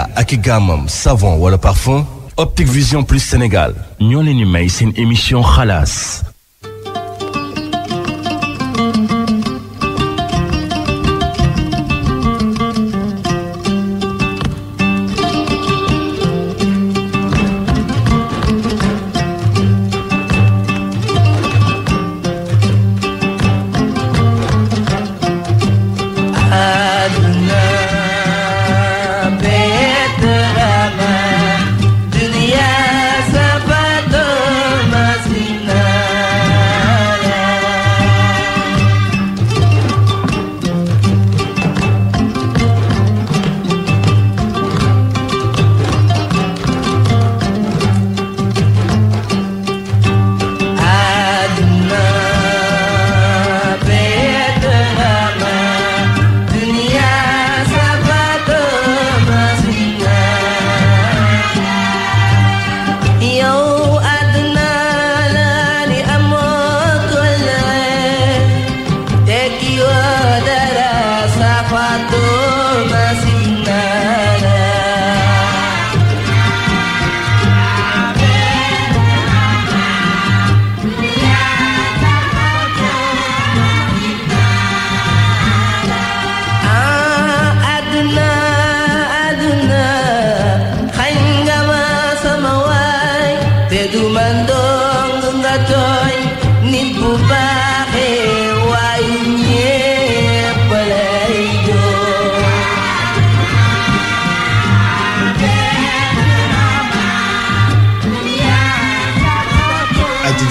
Nivea ak i gaamam savon wala parfum Optique Vision Plus Sénégal ñoo leen di may seen émission xalaas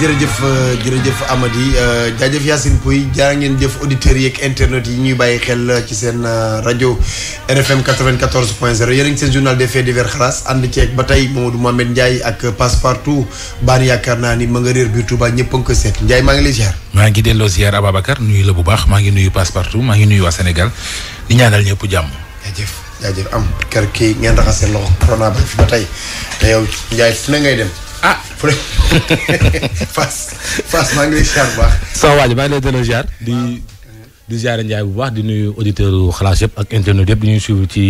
jërëjëf euh, jërëjëf Amady euh, jaajëf Yacine Pouy jaa ngeen jëf auditeurs yi ak internet yi ñuy bàyyi xel euh, ci seen rajo RFM 94 point 0 yéen a ngi seen journal des faits divers xalaas ànd ceeg ba tey Mamadou Mohamed Ndiaye ak Passepartout baan yaakaar naa ni ma nga réer biir Touba ñëpp a ngi ko seet Ndiaye maa ngi lay ziar. maa ngi delloo ziar Ababacar nuyu la bu baax maa ngi nuyu Passepartout maa ngi nuyu waa Sénégal di ñaanal ñëpp jàmm. jaajëf jaajëf am kër ngeen raxas seen loxo corona ba ba tey te yow Ndiaye fu ngay dem ah Fass Fass maa ngi lay ziar bu baax. sama waa maa ngi lay delloo di di ziare Ndiaye bu baax di auditeurs yu xalaas yëpp ak internet yëpp di ñuy suivre ci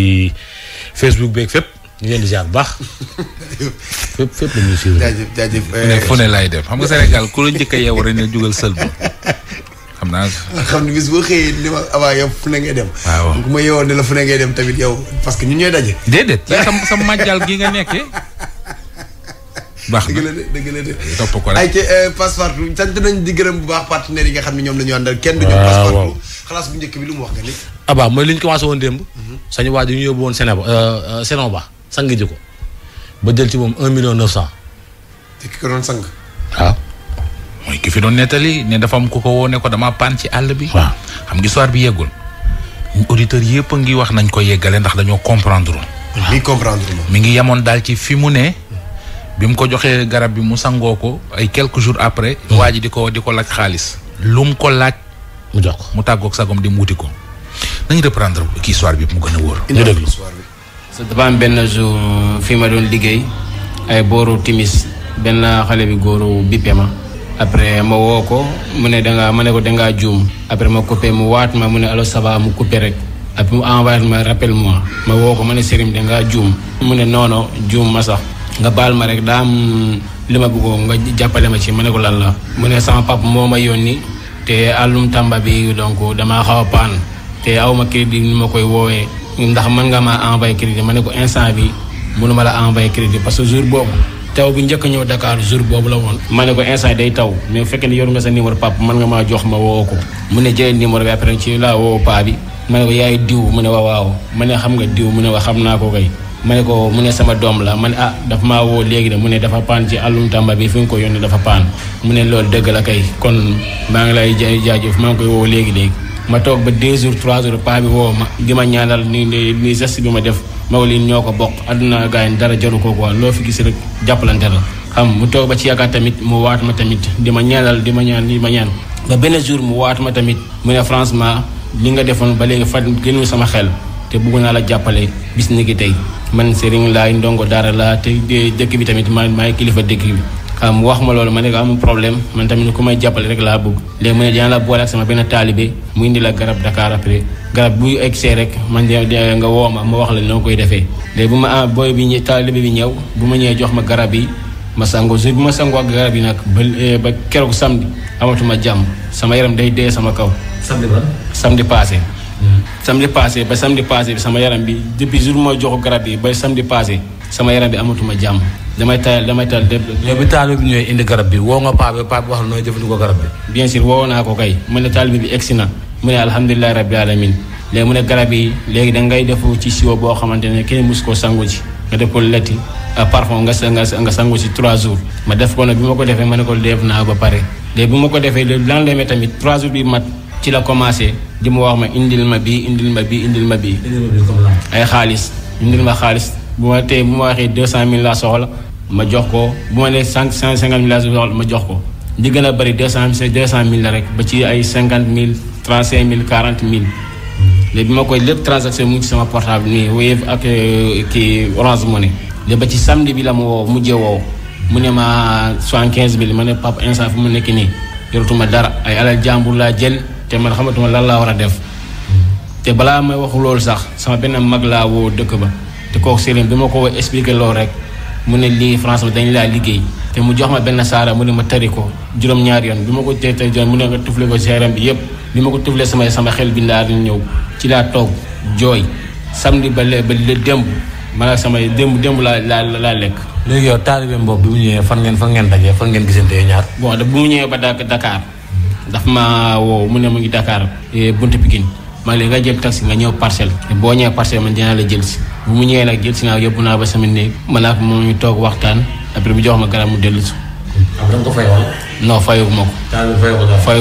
Facebook beeg fépp ñu leen di ziar bu baax fépp fépp la ñuy suivre. jaajëf jaajëf mais ne laay def xam nga Sénégal ku la njëkk a yeewu rek jugal sël ba xam naa. xam ne ma avant yow fu ne ngay dem. waaw bu ma yeewoon ne la fu ne ngay dem tamit yow parce que ñun daje. déedéet yow sa sa màjjal gi nga nekkee. baax na dëgg la de dëgg euh, ah, mu wax nga ni. abaa mooy li ñu commencé woon démb. Mhm. sañu waa ji ñu euh, euh, un million neuf cent. te ki ko doon sang. waaw. mooy ki fi doon nettali ne dafa am ku ko woone ko dama paan ci àll bi. waaw xam nga histoire bi yeggul. auditeurs yëpp a ngi wax nañ ko yeggale ndax dañoo comprendre. li ngi yemoon daal ci fi mu ne. bi mu ko joxee garab bi mu sangoo ko ay quelques jours après. Hmm. waa ji di ko di ko laaj xaalis. lu mu ko laaj. mu jox ko mu tàggoog sagom di mu wuti ko. nañu reprendre kii soir bi mu gën a wóor. ñu déglu so dafa am benn jour fi ma doon liggéey ay booru timis benn xale bi góoru bippe ma. après ma woo ko mu ne dangaa ma ne ko dangaa juum après ma coupé mu waat ma mu ne allo sabaa mu coupé rek. après mu envoyé ma rappel ma woo ko ma ne Serigne dangaa juum. mu ne noono non ma sax. nga baal ma rek daa am li ma bëggoon nga jàppale ma ci ma ne ko lan la mu ne sama papa moo ma yónni te àllum tàmba bi donc damaa xaw a paan te aw ma crédit nu ma koy woowee ndax man nga maa envoyé crédit ma ne ko instant bi mënu ma la envoyé crédit parce que jour boobu taw bi njëkk ñëw Dakar jours boobu la woon. ma ne ko instant day taw mais bu fekkee ne ma sa numéro papa mën nga maa jox ma woo ko mu ne jëlee numéro bi après ci laa woo paa bi ma ne ko yaay diw mu ne waaw waaw ma ne xam nga diw mu ne wa xam naa ko kay. ma ne ko mu ne sama doom la ma ne ah dafa maa woo léegi de mu ne dafa paan ci àllum tàmba bi fi nga ko yónnee dafa paan mu ne loolu dëgg la kay kon maa ngi lay jaajëf maa ngi koy woo léegi léegi. ma toog ba deux jours trois jours paa bi woo ma di ma ñaanal ni ni geste bi ma def Maolin ñoo ko bokk àdduna gaañ dara jaru ko quoi loo fi gis rek jàppalante la. xam mu toog ba ci yaakaar tamit mu waat ma tamit di ma ñaanal di ma ñaan di ma ñaan ba benn jour mu waat ma tamit mu ne franchement li nga defoon ba léegi fan gënu sama xel te bëgg naa la jàppale bis ni ki man Serigne laay ndongo daara laa te dëkk bi tamit ma maay kilifa dëkk bi xam wax ma loolu ma ne ko amul problème man tamit ku may jàppale rek laa bëgg léegi mu ne dinaa la boole ak sama benn taalibe mu indi la garab Dakar après garab bu egsee rek man de nga woo ma ma wax la noo koy defee léegi bu ma ah, booy bi ñëw taalibe bi ñëw bu ma ñëwee jox ma garab yi ma sangoo su bu ma sangoo ak garab yi nag ba eh, ba keroog samedi amatuma jàmm sama yaram day dee sama kaw samedi ba samedi passé ba samedi passé bi sama yaram bi depuis jour mooy joxu garab yi ba samedi passé sama yaram bi amatuma jàmm damay tayal damay tayal lépp. mais indi garab bi woo nga paa bi paa bi wax la nooy jëfandikoo garab bi. bien sûr woo naa ko kay mu ne taalibe bi egsi na mu ne alhamdulilah rabbil alamin nga def ah, nga sangu ci 3 jours. ma def ko nag bi ma ko defee ma ne ko def naa ba pare léegi bi ma ko defee lan la tamit 3 jours bi mat. ci la commencé di ma wax ma indil ma bii indil ma bii indil ma bii. ay xaalis indil ma xaalis bu ma tey bu ma waxee deux cent mille laa soxla ma jox ko bu cinq cent cinquante mille ma jox ko. di gën a bëri deux cent mille cent mille rek ba ci ay cinquante mille trente cinq mille quarante mille. Mm-hmm. léegi bi ma koy lépp transaction mu ngi sama portable nii Wave ak euh, kii Orange Money. léegi ba ci samedi bi la ma woo mujjee woo mu ne ma soixante quinze mille ma ne Pape instant fu mu nekk nii yoratuma dara ay alal jàmbur laa jël. te man xamatuma lan laa war a def te balaa may wax loolu sax sama benn mag laa woo dëkk ba te kooku sëriñ bi ma ko woo expliqué loolu rek mu ne lii France ba dañ laa liggéey te mu jox ma benn saara mu ne ma tari ko juróom-ñaari yoon bi ma ko tey tey mu ne nga tufle ko bi yépp bi ma ko tufle sama sama xel bi laa ñëw ci laa toog jooy samedi ba le ba le démb maanaam samay démb démb laa laa laa lekk. léegi yow taalibe mboob bi mu ñëwee fan ngeen fan ngeen dajee fan ngeen gisante ñaar. bon mu ñëwee ba Dakar. dafa ma woo mu ne mu ngi Dakar eh, buntu Pikine ma léegi nga jël taxi nga ñëw parcelle boo ñëwee parcelle man dinaa la jël si bu mu ñëwee nag jël si naa yóbbu naa ba sama néeg man ak moom ñu toog waxtaan après mu jox ma garab mu dellu si. am na nga ko fayoon. non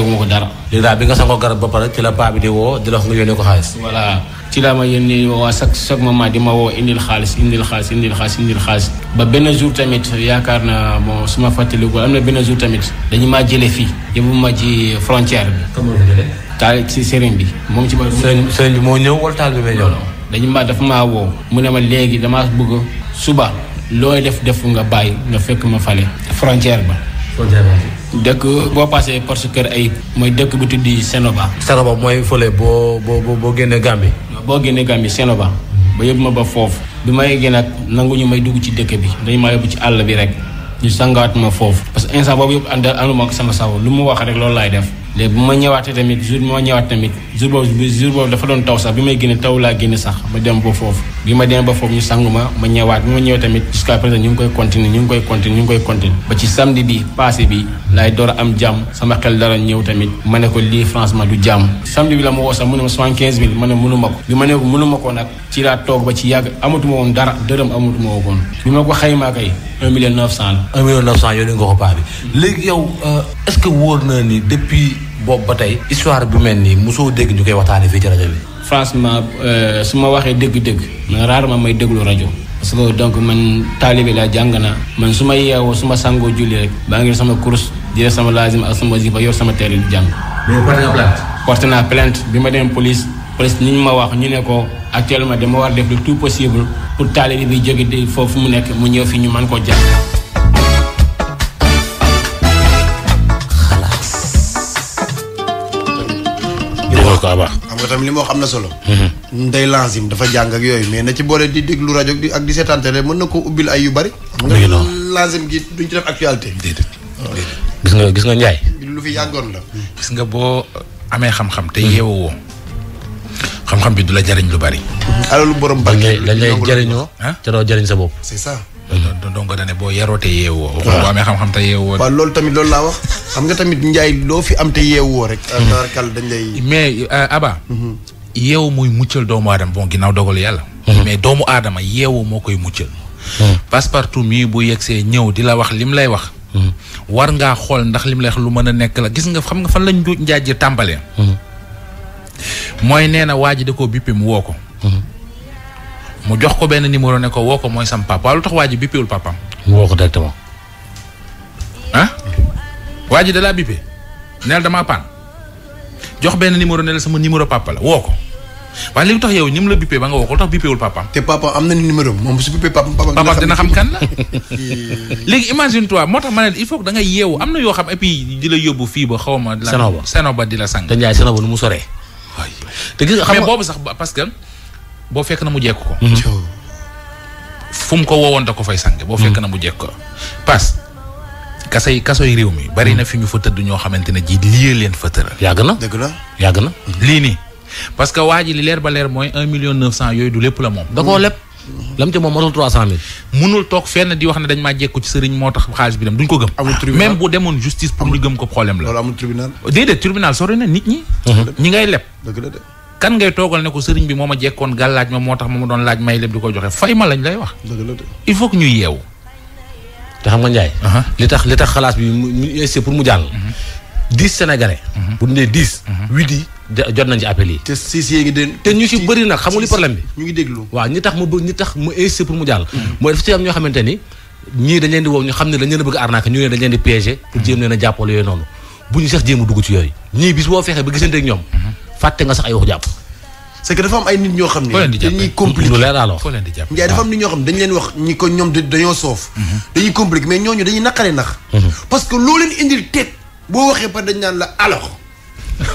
ma ko. dara. léegi daal bi nga sangoo garab ba pare ci la paa bi di woo di la wax nga yónnee ko xaalis. voilà. ci laa ma yónnee waa chaque chaque moment di ma woo indil xaalis indil xaalis indil xaalis ba benn jour tamit yaakaar na bon su ma fàttalikoo am na benn jour tamit. dañu maa jëlee fii yóbbu ma ci frontière bi. taal ci sëriñ bi moom ci ma. sëriñ bi moo ñëw wala taal dañu ma dafa maa mu ne ma léegi damaa bëgg suba looy def def nga bàyyi nga fekk ma fale. frontière ba. frontière dëkk boo paasee parce ay mooy dëkk bu tuddi Sénoba. Sénoba mooy fole boo boo boo génnee Gambie. boo génnee Gambie Sénoba ba yóbbu ma ba foofu bi may ma ak nag ñu may dugg ci dëkk bi dañu ma yóbbu ci àll bi rek ñu sangaat ma foofu parce que instant boobu yëpp ànd anduma ko sama saw lu mu wax rek loolu laay def léegi bu ma ñëwaatee tamit jour bi ma ñëwaat tamit jour boobu jour boobu dafa doon taw sax bi may génne taw laa génne sax ma dem ba foofu bi ma dem ba foofu ñu sangu ma ma ñëwaat bi ma ñëwee tamit jusqu'à présent ñu ñu ngi koy continuer ñu ngi koy continuer ba ci samedi bi passé bi laay door a am jàmm sama xel dara ñëw tamit ma ne ko lii franchement du jàmm samedi bi la ma woo sax mu ne ma soixante mille ma ne mënuma ko bi ma ne ko mënuma ko ci laa toog ba ci yàgg amatuma woon dara dërëm amatuma woon boobu ba tey histoire bu mel nii mosoo dégg ñu koy waxtaanee fii ci rajo bi. franchement euh, su ma waxee dégg dëgg man ma may déglu rajo. parce que donc man taalibe laa jàng naa man su ma yeewoo suma sangoo julli rek baa ngi sama course jëlee sama laazim ak sama wasifa yor sama teel di jàng. mais porté nga naa plainte bi ma dem police police ni ñu ma wax ñu ne ko actuellement dama war def le tout possible pour taalibe bi jóge foofu mu nekk mu ñëw fi ñu man koo jàng. ko abaa. xam nga tamit li moo xam na solo. Mhm. ndey lanzim dafa jàng ak yooyu mais na ci boole di déglu rajo di ak di seetaan télé mën na ko ubbil ay yu bari. léegi noonu nga lanzim gi duñ ci def actualité. gis nga gis nga Ndiaye. lu fi yàggoon la. gis nga boo amee xam-xam te yeewoo. xam-xam bi du la jariñ lu bari. alalu borom bari. la jariñoo. te doo jariñ sa bopp. donc da boo yaroo xam-xam te yeewoo. loolu tamit loolu laa wax xam nga tamit njaay loo fi am te yeewoo rek. Mhm. tabarkal dañ lay. mais euh, Aba. Mhm. yeewu muccal doomu aadama bon ginnaaw dogal yàlla. Mhm. mais doomu aadama yeewu moo koy muccal. passe-partout mii bu yegsee ñëw di la wax li mu lay wax. war ngaa xool ndax li mu lay wax lu mën a nekk la gis nga xam nga fan lañ njuuj njaaj ji tàmbalee. mooy nee na waa ji da koo bippi woo ko. mu jox ko benn numéro ne ko woo ko mooy sam papa waaw lu tax waaj ji bippiwul papaam. mu woo ko directement. ah waa ji da laa damaa paan jox benn numéro ne la sama numéro papa la woo ko waaye tax yow ni mu la bippé ba nga woo ko lu tax bippéwul papaam. te papa am na numéro moom su bippé papa. papa dina xam kan la léegi imagine toi moo tax ma ne il faut que da nga yeewu am na yoo xam et di la yóbbu fii ba xaw ma. seno ba seno ba di la sang. te Ndiaye seno ba nu mu soree. te gis nga boobu sax boo fekk na mu jekk ko. Mhm. fu mu ko woowoon da ko fay sange boo fekk mhm. na mu jekk ko parce kasay kasoy réew mi bari na mhm. fi ñu fa tëdd ñoo xamante ne ji lii leen fa tëral. yàgg na lii nii parce que li leer ba leer mooy un million neuf cent yooyu du lépp la moom. da koo lépp. lam ca moom matul trois cent mille. munul toog fenn di wax ne dañ maa jekku ci sëriñ moo tax xaalis bi dem duñ ko gëm. amul bu demoon justice pour ñu gëm ko problème la. loolu amul tribunal. kan ngay toogal ne ko sëriñ bi moo ma jekkoon gàllaaj ma moo tax ma ma doon laaj may lépp di ko joxe fay ma lañ lay wax. il faut que ñu yeewu. te xam nga Ndiaye. Uh-huh. li tax li tax xalaas bi mu essayé pour mu jàll. Uh-huh. dix sénégalais. Uh-huh. bu ñu nee jot nañ ci appel yi. te six yi ngi te ñu ci bëri nag xamul li problème bi. ñu ngi déglu waaw ñi tax mu bëgg ñi tax mu essayé pour mu jàll. mooy dafa ci am ñoo xamante ni ñii dañ leen di woo ñu xam ne dañ leen bëgg arnaque ñu ne dañ leen di piéger pour jéem leen a jàppale yooyu noonu bu ñu sax jéem a dugg ci yooyu ñii bis boo fexee ba gisante ak ñoom fàtte nga sax ay wax jàpp. c'est que dafa am ay nit ñoo xam ne dañuy compliqué lu leer daal wax Ndiaye dafa am ah. nit ñoo xam ne dañ leen wax ñi ko ñoom dañoo soof mhm. dañuy compliqué mais ñooñu dañuy naqaree nax mhm. parce que loo leen indil teg boo waxee par dañ naan la alors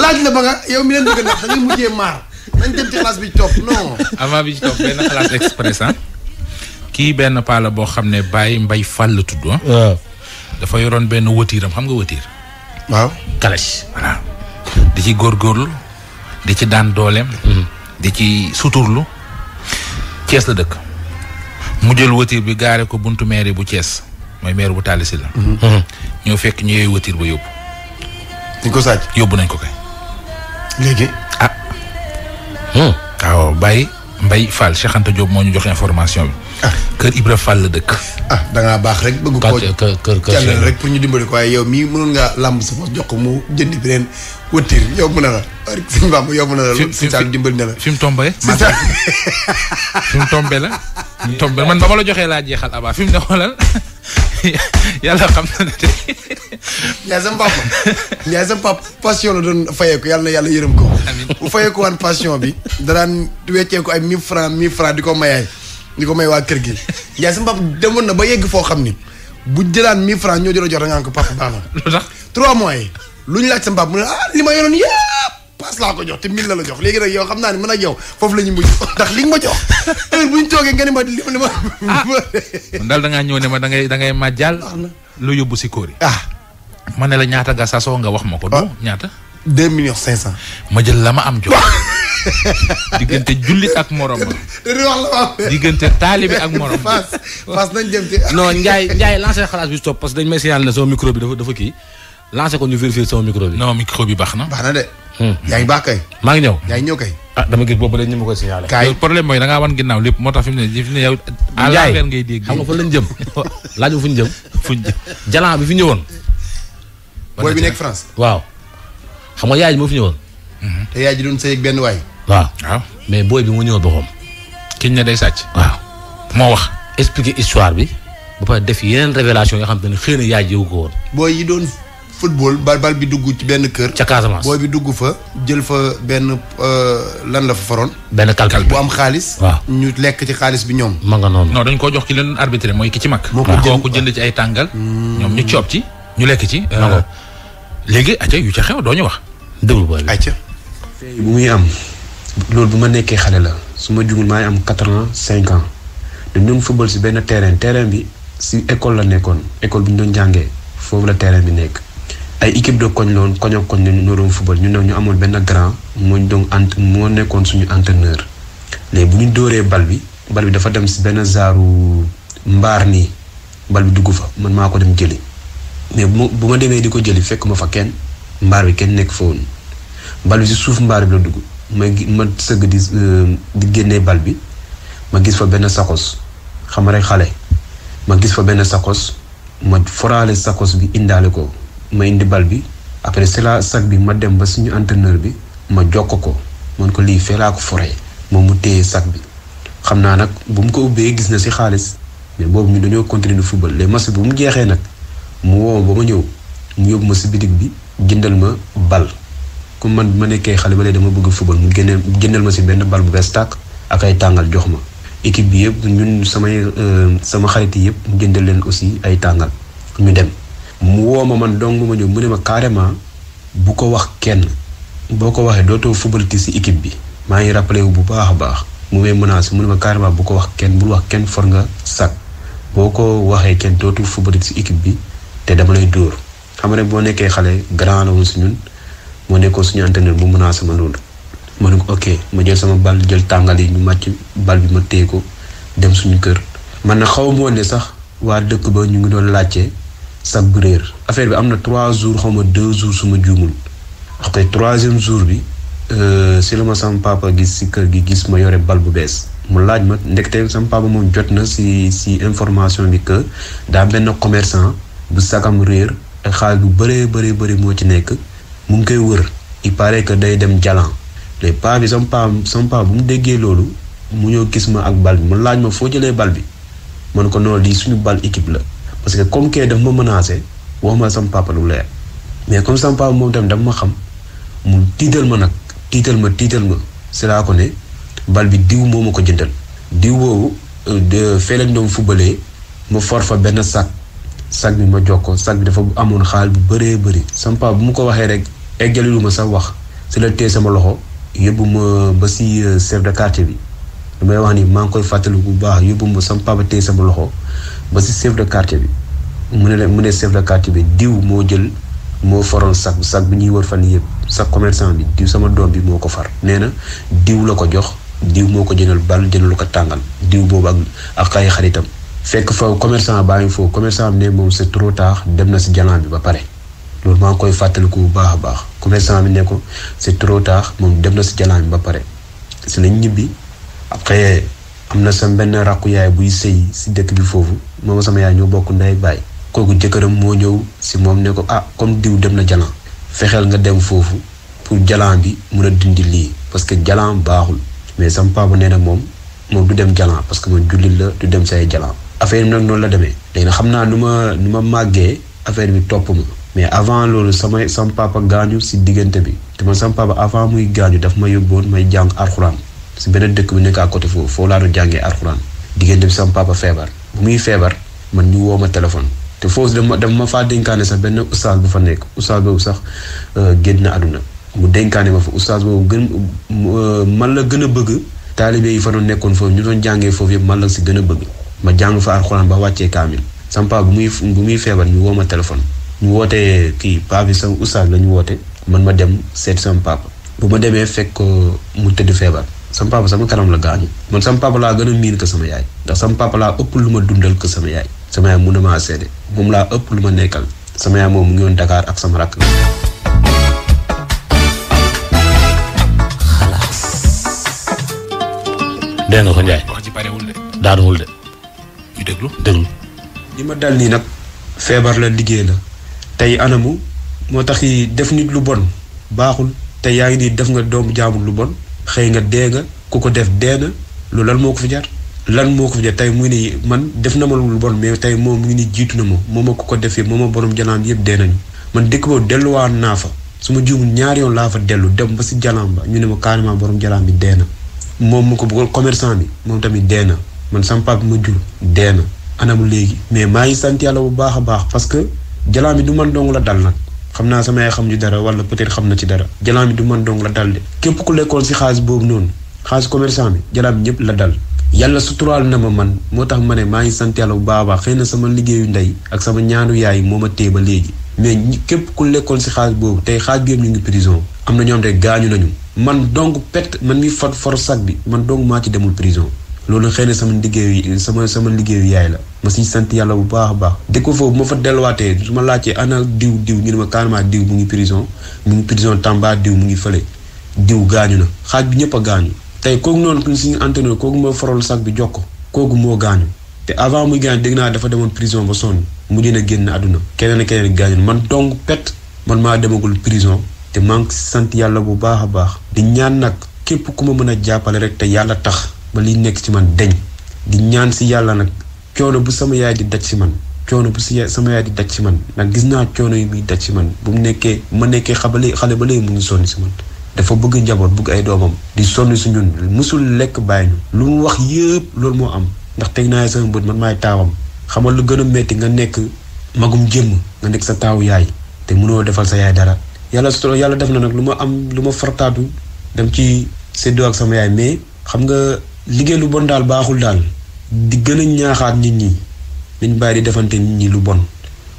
laaj la ba nga yow mi leen bëgg a nax mujjee maar nañ dem ci xalaas bi ci topp non avant bi ci topp benn xalaas express ah. kii benn paala boo xam ne Baye Mbay Fall la tudd ah. dafa yoroon benn wëtiiram xam nga wëtiir waaw calèche. voilà di ci góorlu di ci daan dooleem. Mhm. di ci suturlu. Cees la dëkk. mu jël wëtiir bi gaare ko buntu mairie bu Cees mooy maire bu taalisi la. ñoo fekk ñu yooyu wëtiir ba yóbbu. dañ ko sàcc yóbbu nañ ko kay. léegi ah. Hmm. waaw Baye mbay Fall Cheikh Anta moo ñu jox information bi. Ah. kër Ibra Fall la dëkk. ah baax rek. bëgg koo kër kër rek pour ñu dimbali ko waaye yow mii mënoon làmb sa bopp jox mu jënd beneen wëttir yow mën na la. sëñ Bamba mu tombé. fi mu tombé la. fi mu tombé man ba ma joxee laa jeexal abaa fi mu ne xoolal yàlla xam na ne de. la doon fayee yàlla yàlla yërëm ko. amiin bu fayee waan passion bi. danaan weccee ko ay mille francs mille francs di ko mayaay ni ko may waa kër gi Ndiaye sama papa demoon na ba yegg foo xam ni bu jëlaan 1000 francs ñoo jëla jox da ngaa ko papa baax na. lu tax 3 mois yi lu ñu laaj sama papa mu ne ah, li ma yoroon yëpp paas laa ko jox te 1000 la la jox léegi nag yow xam naa ne man ak yow foofu la ñu mujj ndax li nga ma jox heure bu ñu toogee nga ne ma li ma. ah man daal da ngaa ñëw ne ma da ngay da ngay màjjal lu yóbbu si kóor yi. ah ma ne la ñaata nga sasoo nga wax ma ko. du ah. ñaata. deux millions cinq cent. ma jël la ma am jox diggante jullit ak morom diggante taalibi ak morom fas fas nañ jëm ci. non Ndiaye Ndiaye lancé xalaat bi stop parce que dañ may signalé ne sama micro bi dafa dafa kii lancé ko ñu vérifier sama micro bi. non micro bi baax na. baax na de. Hmm. yaa ngi baax kay. maa ngi ñëw yaa ngi ñëw kay. ah dama gis boobu dañ ma koy signalé. kaay problème mooy da ngaa wan ginnaaw lépp moo tax fi mu ne fi mu ne yow. à l'envers ngay dégg xam nga fa lañ jëm. laaj ma fu ñu jëm. fu bi fi ñëwoon. booy bi nekk France xam nga yaay moo fi ñëwoon. Mhm. te yaay ji doon sëy ak benn waay. waaw waaw mais booy bi mu ñëw boppam. kiñ na day sàcc. waaw moo wax. expliquer histoire bi. ba pare def yeneen révélation yoo xam te ne xëy na yaay jiwu booy doon football bal bal bi dugg ci benn kër. ca Casamance booy bi dugg fa. jël fa benn euh, lan la faroon. benn calcul bu am xaalis. waaw ñu lekk ci xaalis bi ñoom. ma nga noonu. non dañ koo jox ki leen arbitré mooy ki ci mag. moo ko jënd ci ay tàngal. Hmm. ñoom ñu coob ci ñu lekk ci. léegi ayca yu ca xew doo ñu wax. déglu ba ayca. bu muy am loolu bu ma nekkee xale la su jugul maa am quatre ans cinq ans dañu doon football si benn terrain terrain bi si école la nekkoon école bu ñu doon jàngee foofu la terrain bi nekk. ay équipe de koñ loon koñ ak koñ la ñu doon football ñu ñu amoon benn grand moo ñu doon moo nekkoon suñu entraîneur léegi bu ñu dóoree bal bi bal bi dafa dem si benn zaaru mbaar nii bal bi dugg fa man maa ko dem jëli. mais bu ma bu ma demee di ko jëli fekk ma fa kenn mbaar bi kenn nekk fa woon si suuf mbaar bi la dugg ma ma sëgg di euh, di génnee bal bi ma gis fa benn sakos xam nga rek xale ma gis fa benn sakos ma foraale sakos bi indaale ko ma indi bal bi après c'est la sac bi ma dem ba suñu entraîneur bi ma jokk ko man ko lii fee laa ko foree moom mu téye sac bi xam naa nag bu mu ko ubbee gis na si xaalis mais boobu ñu dañoo continuer football les matchs bu mu jeexee nag. mu woo ba ma ñëw mu ma si bitig bi jëndal ma bal comme man bi ma nekkee xale ba ne dama bëgg football mu génneel jëndal ma si benn bal bu bees tàkk ak ay tàngal jox ma équipe bi yëpp ñun samay euh, sama xarit yëpp jëndal leen aussi ay tàngal ñu dem mu woo ma man dong ma ñëw mu ne ma carrément bu ko wax kenn boo ko waxee dootu footballati si équipe bi maa ngi rappelé wu bu baax a baax mu may menace mu ne ma carrément bu ko wax kenn bul wax kenn for nga sac boo ko waxee kenn dootu footballati si équipe bi te dama lay dóor xam rek boo nekkee xale grand la woon si ñun moo nekkoon suñu entraîneur bu menacé sama loolu. ma ne ko ok ma jël sama bal jël tàngal yi ñu màcc bal bi ma téye ko dem suñu kër. man na xaw ma woon ne sax waa dëkk ba ñu ngi doon laajte sag bu réer affaire bi am na trois jours xaw ma deux jours suma ma juumul après troisième jour bi euh, si la ma sama papa gis si kër gi gis ma yore bal bu bees. mu laaj ma ndekete sama papa moom jot na si si information bi que daa benn commerçant. bu sakam réer te xaalis bu bëree bëri bëri moo ci nekk mu ngi koy wër il paraît que day dem jalan les paa bi sama bu mu déggee loolu mu ñëw gis ma ak bal bi mu laaj ma foo jëlee bal bi man ko noonu lii suñu bal équipe la parce que comme kee daf ma menacé wax ma sama leer mais comme sama moom tamit daf ma xam mu tiital ma nag tiital ma tiital ma si laa ko ne bal bi diw moo ma ko jëndal diw boobu euh, fee lañ doon ma for fa benn sac sac bi ma jokkoo sac bi dafa amoon xaal bu bëree bëri. sama bu mu ko waxee rek eggalilu ma sax wax si la tee sama loxo yóbbu ma ba si euh, chef de quartier bi damay wax ni maa ngi koy fàttali bu baax yóbbu ma sama ba tee sama loxo ba si chef de quartier bi mu ne mu ne chef de quartier bi diw moo jël moo faroon sac sac bi ñuy wër fan yëpp sac commerçant bi diw sama doom bi moo ko far. nee na diw la ko jox diw moo ko jëndal bal jëndal ko tàngal diw boobu ak ak ay xaritam. fekk fa commerçant baa ngi foofu commerçant bi ne moom c'est trop tard dem na si janaan bi ba pare loolu maa ngi koy fàttaliku bu baax a baax commerçant bi ne ko c'est trop tard moom dem na si janaan bi ba pare si lañ ñibbi après am na sa benn rakku buy sëy si dëkk bi foofu moom sama yaay ñoo bokk ndey kooku jëkkëram moo ñëw si moom ne ko ah comme diw dem na jalan fexeel nga dem foofu pour jalan bi mun a dindi lii parce que jalan baaxul mais sama papa nee na moom moom du dem jalan parce que moom jullit la du dem say jalan affaire bi nag noonu la demee léegi nag xam naa nu ma nu ma màggee affaire bi topp ma mais avant loolu samay sam papa gaañu si diggante bi te ma sam papa avant muy gaañu daf ma yóbboon may jàng arxuraan si benn dëkk bu nekk à côté foofu foo laa doon jàngee arxuraan diggante bi sam papa feebar bu muy feebar man ñu woo ma téléphone te foofu dama dama ma faa dénkaane sax benn ustaas bu fa nekk ustaas boobu sax euh, génn na àdduna mu dénkaane ma fa ustaas boobu gën euh, man la gën a bëgg taalibe yi fa doon nekkoon foofu ñu doon jàngee foofu yëpp man la si gën a bëgg ma jàng fa alxuraan ba wàccee kaamil sama paa bu muy bu muy feebar ñu woo ma téléphone ñu wootee kii paa bi sama oustaz la ñu woote man ma dem seet sama papa bu ma demee fekk ko mu tëdd feebar sama papa sama kanam la gaañu man sama papa laa gën a miir ko sama yaay ndax sama papa laa ëpp lu ma dundal ko sama yaay sama yaay mun na maa seede moom laa ëpp lu ma nekkal sama yaay moom mu ngi woon Dakar ak sama rakk xalaas dégg ko Njaay wax ji parewul de daanuwul ñu déglu déglu. li ma dal nii nag feebar la liggéey la tey anamu moo tax yi def nit lu bon baaxul te yaa ngi nii def nga doomu jaamul lu bon xëy nga dee nga ku ko def dee na lu lan moo ko fi jar. lan moo ko fi jar tey mu ngi nii man def na ma lu bon mais tey mu ngi nii jiitu na ma moom ak ku ko defee moom ak borom janaam yëpp dee nañu man dëkk boobu naa fa. su ma juumul ñaari yoon laa fa dellu dem ba si jalaam ba ñu ne ma carrément borom jalaam bi dee na moom mu ko bëggoon commerçant bi moom tamit dee na man sampaa papa ma jur dee na anam léegi mais maa ngi sant yàlla bu baax a baax parce que jalaam bi du man dong la dal nag xam naa sama yaay xam ju dara wala peut-être xam na ci dara jalaam bi du man dong la dal de képp ku lekkoon si xaalis boobu noonu xaalis commerçant bi jalaam bi ñëpp la dal yàlla suturaal na ma man moo tax ma ne maa ngi sant yàlla bu baax xëy na sama liggéeyu ndey ak sama ñaanu yaay moo ma téye ba léegi mais képp ku lekkoon si xaalis boobu tey xaalis bi yëpp ñu ngi prison am na ñoom gaañu nañu man donc pet man mi fat for sac bi man donc maa ci demul prison loolu xëy na sama liggéeyu sama sama liggéeyu yaay la ma siy sant yàlla bu baax a baax dëkk foofu ma fa delluwaatee su ma laajtee ana diw diw ma carrément diw mu ngi prison mu ngi Tamba diw mu ngi fële diw gaañu na xaaj ñëpp a gaañu kooku noonu suñu entraîneur kooku moo faral sac bi jox kooku moo gaañu te avant muy gaañ dégg naa dafa demoon prison ba sonn mujj na génn àdduna keneen ak keneen gaañu man donc pet man maa demagul prison te maa sant yàlla bu baax a baax di ñaan nag képp ku ma mën a jàppale rek te yàlla tax ba liñ nekk ci man deñ di ñaan si yàlla nag coono bu sama yaay di daj si man coono bu si sama yaay di daj si man ndax gis naa coono yi muy daj si man bu mu nekkee ma nekkee xabale xale ba léegi mu ngi sonn si man dafa bëgg njaboot bëgg ay doomam di sonn si ñun musul lekk bàyyi ñu lu mu wax yëpp loolu moo am ndax teg naa sama bët man maay taawam xamal lu gën a metti nga nekk magum jëmm nga nekk sa taawu yaay te mënoo defal sa yaay dara yàlla su yàlla def na nag lu ma am lu ma fartaatu dem ci séddoo ak sama yaay mais xam nga liggéey lu bon daal baaxul daal di gën a ñaaxaat nit ñi dañ bàyyi di defante nit ñi lu bon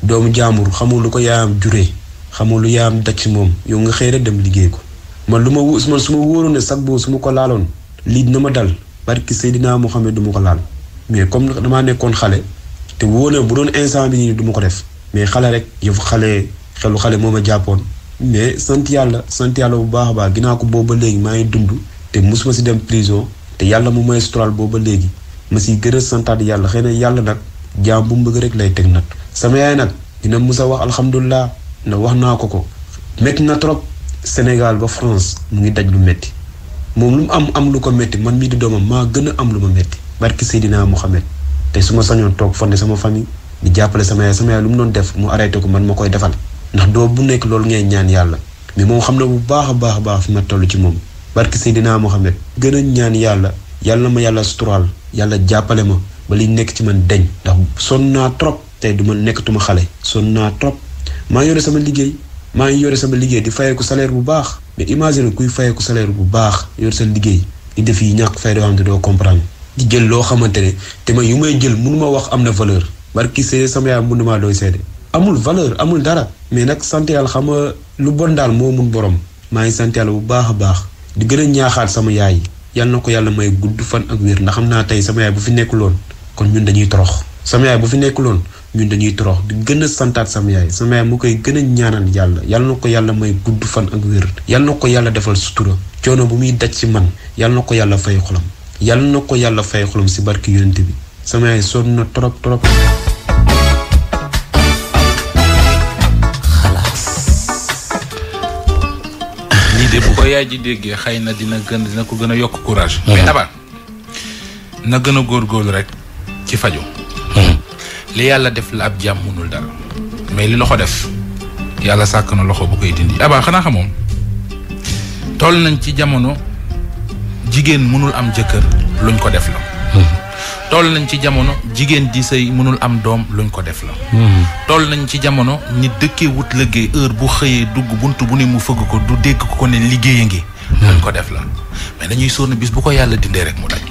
doomu jaambur xamul lu ko yaayam juree xamul lu yaayam daj ci moom yow nga xëy rek dem liggéey ko man lu ma wus man su ma wóoroon ne sax boobu su ko laaloon lii dina ma dal barki Seydina Mohamed du ma ko laal mais comme damaa nekkoon xale te wóor na bu doon instant bi nii du ma ko def mais xale rek yëfu xale xelu xale moo ma jàppoon mais sant yàlla sant yàlla bu baax a baax ginnaaw ko boobu ba léegi maa ngi dund te musuma si dem prison te yàlla mu may sutural booba léegi ma si gën santaat yàlla xëy na yàlla nag jaam bu mu bëgg rek lay teg nat sama yaay nag dina musa wax alhamdulilah na wax naa ko ko metti na trop Sénégal ba France mu ngi daj lu métti moom lu mu am am lu ko metti man mii di doomam maa gën a am lu ma métti barki Seydina Mohamed te su ma sañoon toog ne sama famille di jàppale sama yaay sama yaay lu mu doon def mu arrêté ko man ma koy defal ndax doo bu nekk loolu ngay ñaan yàlla mais moom xam na bu baax a baax a baax fi ma toll ci moom barki Seydina Mohamed gën a ñaan yàlla yàlla na ma yàlla suturaal yàlla jàppale ma ba liñ nekk ci man deñ ndax sonn naa trop tey du ma nekkatuma xale sonn naa trop maa ngi yore sama liggéey maa ngi yore sama liggéey di fayeeku salaire bu baax mais imagine kuy fayeeku salaire bu baax yore sa liggéey di def yi ñàkk fay doo xam doo comprendre di jël loo xamante ne te ma yu may jël mënu ma wax am na valeur barki seede sama yaay mënu maa doy seede amul valeur amul dara mais nag sant yàlla xam nga lu bon daal moo borom maa ngi sant bu baax a baax di gën a ñaaxaat sama yaay yal na ko yàlla may gudd fan ak wér ndax xam naa tey sama yaay bu fi nekkuloon kon ñun dañuy torox sama yaay bu fi nekk nekkuloon ñun dañuy torox di gën a santaat sama yaay sama yaay mu koy gën a ñaanal yàlla yal na ko yàlla may gudd fan ak wér yal na ko yàlla defal sutura coono bu muy daj ci man yal na ko yàlla fay xolam yal ko yàlla fay si barki yonent bi sama yaay sonn na trop trop yaay ji déggee xëy na dina gën dina ko gën a yokk courage. Mhm. mais abaa na gën a góorgóorlu rek ci faju mhm. li yàlla def la ab jàmm munul dara. mais li loxo def yàlla sàkk na loxo bu koy dindi abaa xanaa xamoon toll nañ ci jamono jigéen mënul am jëkkër luñ ko def la. tool nañ ci jamono jigéen di sëy mënul am doom luñ ko def la hmm. tool nañ ci jamono ni dëkkee wut liggéey heure bu xëyee dugg bunt bu ne mu fëgg ko du dégg ko ne liggéey a ngi hmm. luñ ko def la mais dañuy sóor ne bis bu ko yàlla dindee rek mu daj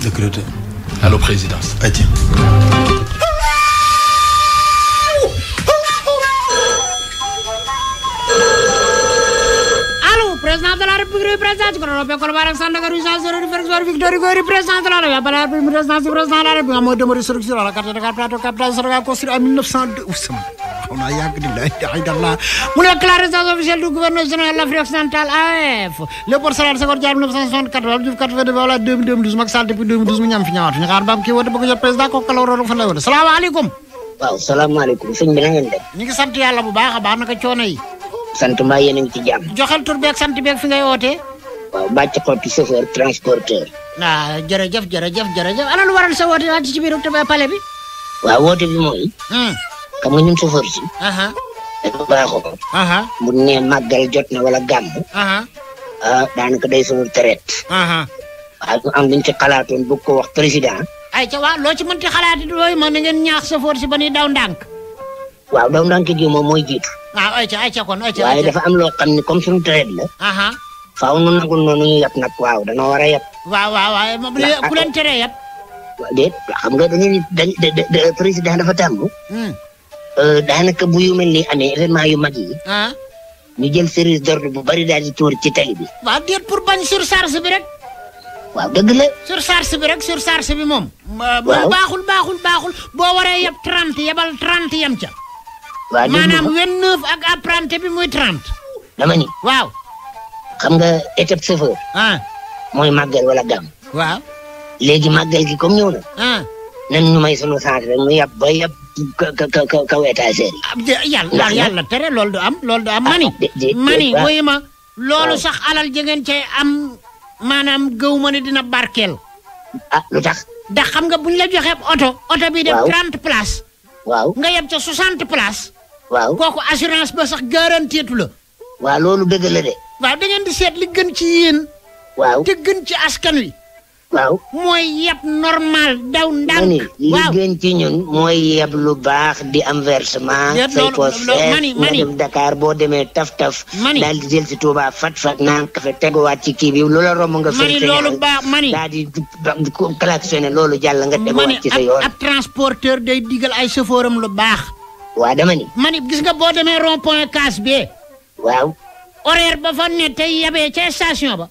allo présidence Principal Europeu collaboração da Garuja, Zero de Ferguson, Victor Hugo, representante lá, vai para a representante do Brasil lá, vai morrer de resurreição, a carta da carta do capitão Zero construída em 1912. On a yàgg di lay ay dalla mu nekk la résidence officielle du gouverneur général de l'Afrique occidentale AF Léopold Sédar Senghor Diagne 1964 Abdou Diouf 82 wala 2012 Macky Sall depuis 2012 mu ñam fi ñaawatu ñu xaar ba am kii woote bëgg a jot président kooku la waroon fan lay woote salaamaaleykum waaw salaamaaleykum sëñ bi na ngeen def ñu ngi sant yàlla bu baax a baax naka coono yi sant mbaa yéen a ngi ci jàmm joxel tur beeg sant beeg fi ngay wootee waaw bàcc xottu chauffeur transporteur. ah jërëjëf jërëjëf jërëjëf ana lu waral sa woote waat ci biir palais bi. waaw woote bi mooy. Hmm. xam nga ñun chauffeur si. dafa baaxoo. bu nee màggal jot na wala gàmm. ah daanaka day sunu traite. waaw ñu am luñ ko wax président. ay ca waa loo ci mënti xalaat yooyu moom na ngeen ñaax chauffeur si ba ñuy daw ndànk. waaw daw ndànk ji moom mooy jiitu. waaw ay ca ay ca kon waaye dafa am loo xam ne comme sunu traite la. faaw nu nagul noonu ñu yab nag waaw danoo war a yab. waaw waaw waaye moom ku a teree yab. déet xam nga dañuy dañ président dafa tàmbu. daanaka bu yu mel ni amee événement yu mag yi. ñu jël service dardu bu bari daal di tuur ci tali bi. waaw déet pour bañ surcharge bi rek. waaw dëgg la. surcharge bi rek surcharge bi moom. waaw baaxul baaxul baaxul boo waree yab 30 yabal 30 yam ca. waaw maanaam 29 ak apprenti bi muy 30. dama ni waaw. xam nga étape chauffeur. ah mooy màggal wala gàmm. waaw léegi màggal gi comme ñëw na. ah nan ñu may sunu sant rek mu yab ba yab ka ka ka kaw étagère yi. Ah, yàlla yàlla tere loolu du am loolu du am. Ah, mani mani ma loolu ah. sax alal jigéen cay am maanaam gëw ne dina barkeel. ah lu tax. ndax xam nga buñ la joxee oto. oto bii def trente places. waaw nga yeb ca soixante places. waaw kooku assurance ba sax garantie tu la. waaw loolu dëgg la de. waaw da di seet li gën ci yéen. waaw te gën ci askan wi. waaw mooy yeb normal daw ndànk. waaw li gën ci ñun mooy yeb lu baax di am versement. say poos fees nga dem boo demee taf taf. mani daal di jël si Touba fat fat naa kafe teguwaat ci kii bi loola romb nga. mani loolu baax mani daal di klaxonné loolu jàll nga teguwaat ci sa yoon. ab transporteur day digal ay chauffeuram lu baax. waa dama ni. mani gis nga boo demee rond point casse bi waaw. horaire ba fa ne tey yabee ca station ba.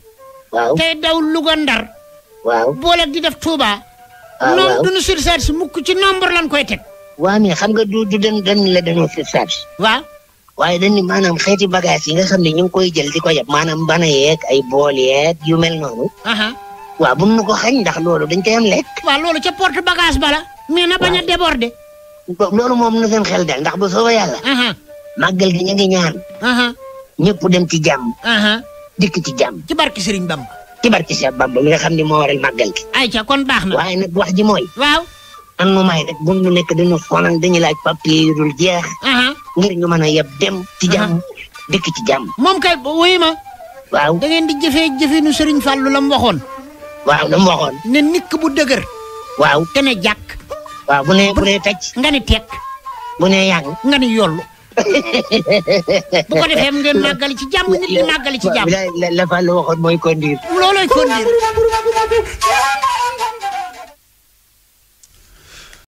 waaw da daw Louga Ndar. waaw boole di def Touba. waaw ah, waaw duñu surcharge mukk ci nombre lan koy teg. waa mais xam nga du du dem dañ la dañoo surcharge. waa waaye dañ ni maanaam xeeti bagage yi nga xam ne ñu ngi koy jël di ko yab maanaam bana yeeg ay bool yeeg yu mel noonu. waaw bu nu ko xañ ndax loolu dañ koy am lekk. waaw loolu ca porte bagage bala. mais na bañ a déborder. loolu moom na seen xel dal ndax bu soobee yàlla. màggal gi ñu ngi ñaan. ñëpp dem ci jàmm. dikk ci jàmm. ci barke Serigne Bamba. ci barke Serigne Bamba mi nga xam ne moo waral màggal gi. ayca kon baax na. waaye nag wax ji mooy. waaw. am nu may rek bu mu nekk dañu fonal dañu laaj papier yu jeex. ngir ñu mën a yeb dem. ci jàmm dikk ci jàmm. moom kay wuyu ma. waaw da ngeen di jëfee jëfinu Serigne Fallou la mu waxoon. waaw la mu waxoon. nikk bu dëgër. waaw te ne jàkk. waaw bu ne bu nga ni tekk. bu ne yàgg. nga ni yollu. bu ko defee ngeen màggali ci jàmm nit ñi màggali ci jàmm. la la la Fall waxoon mooy kondir. loolooy kondir.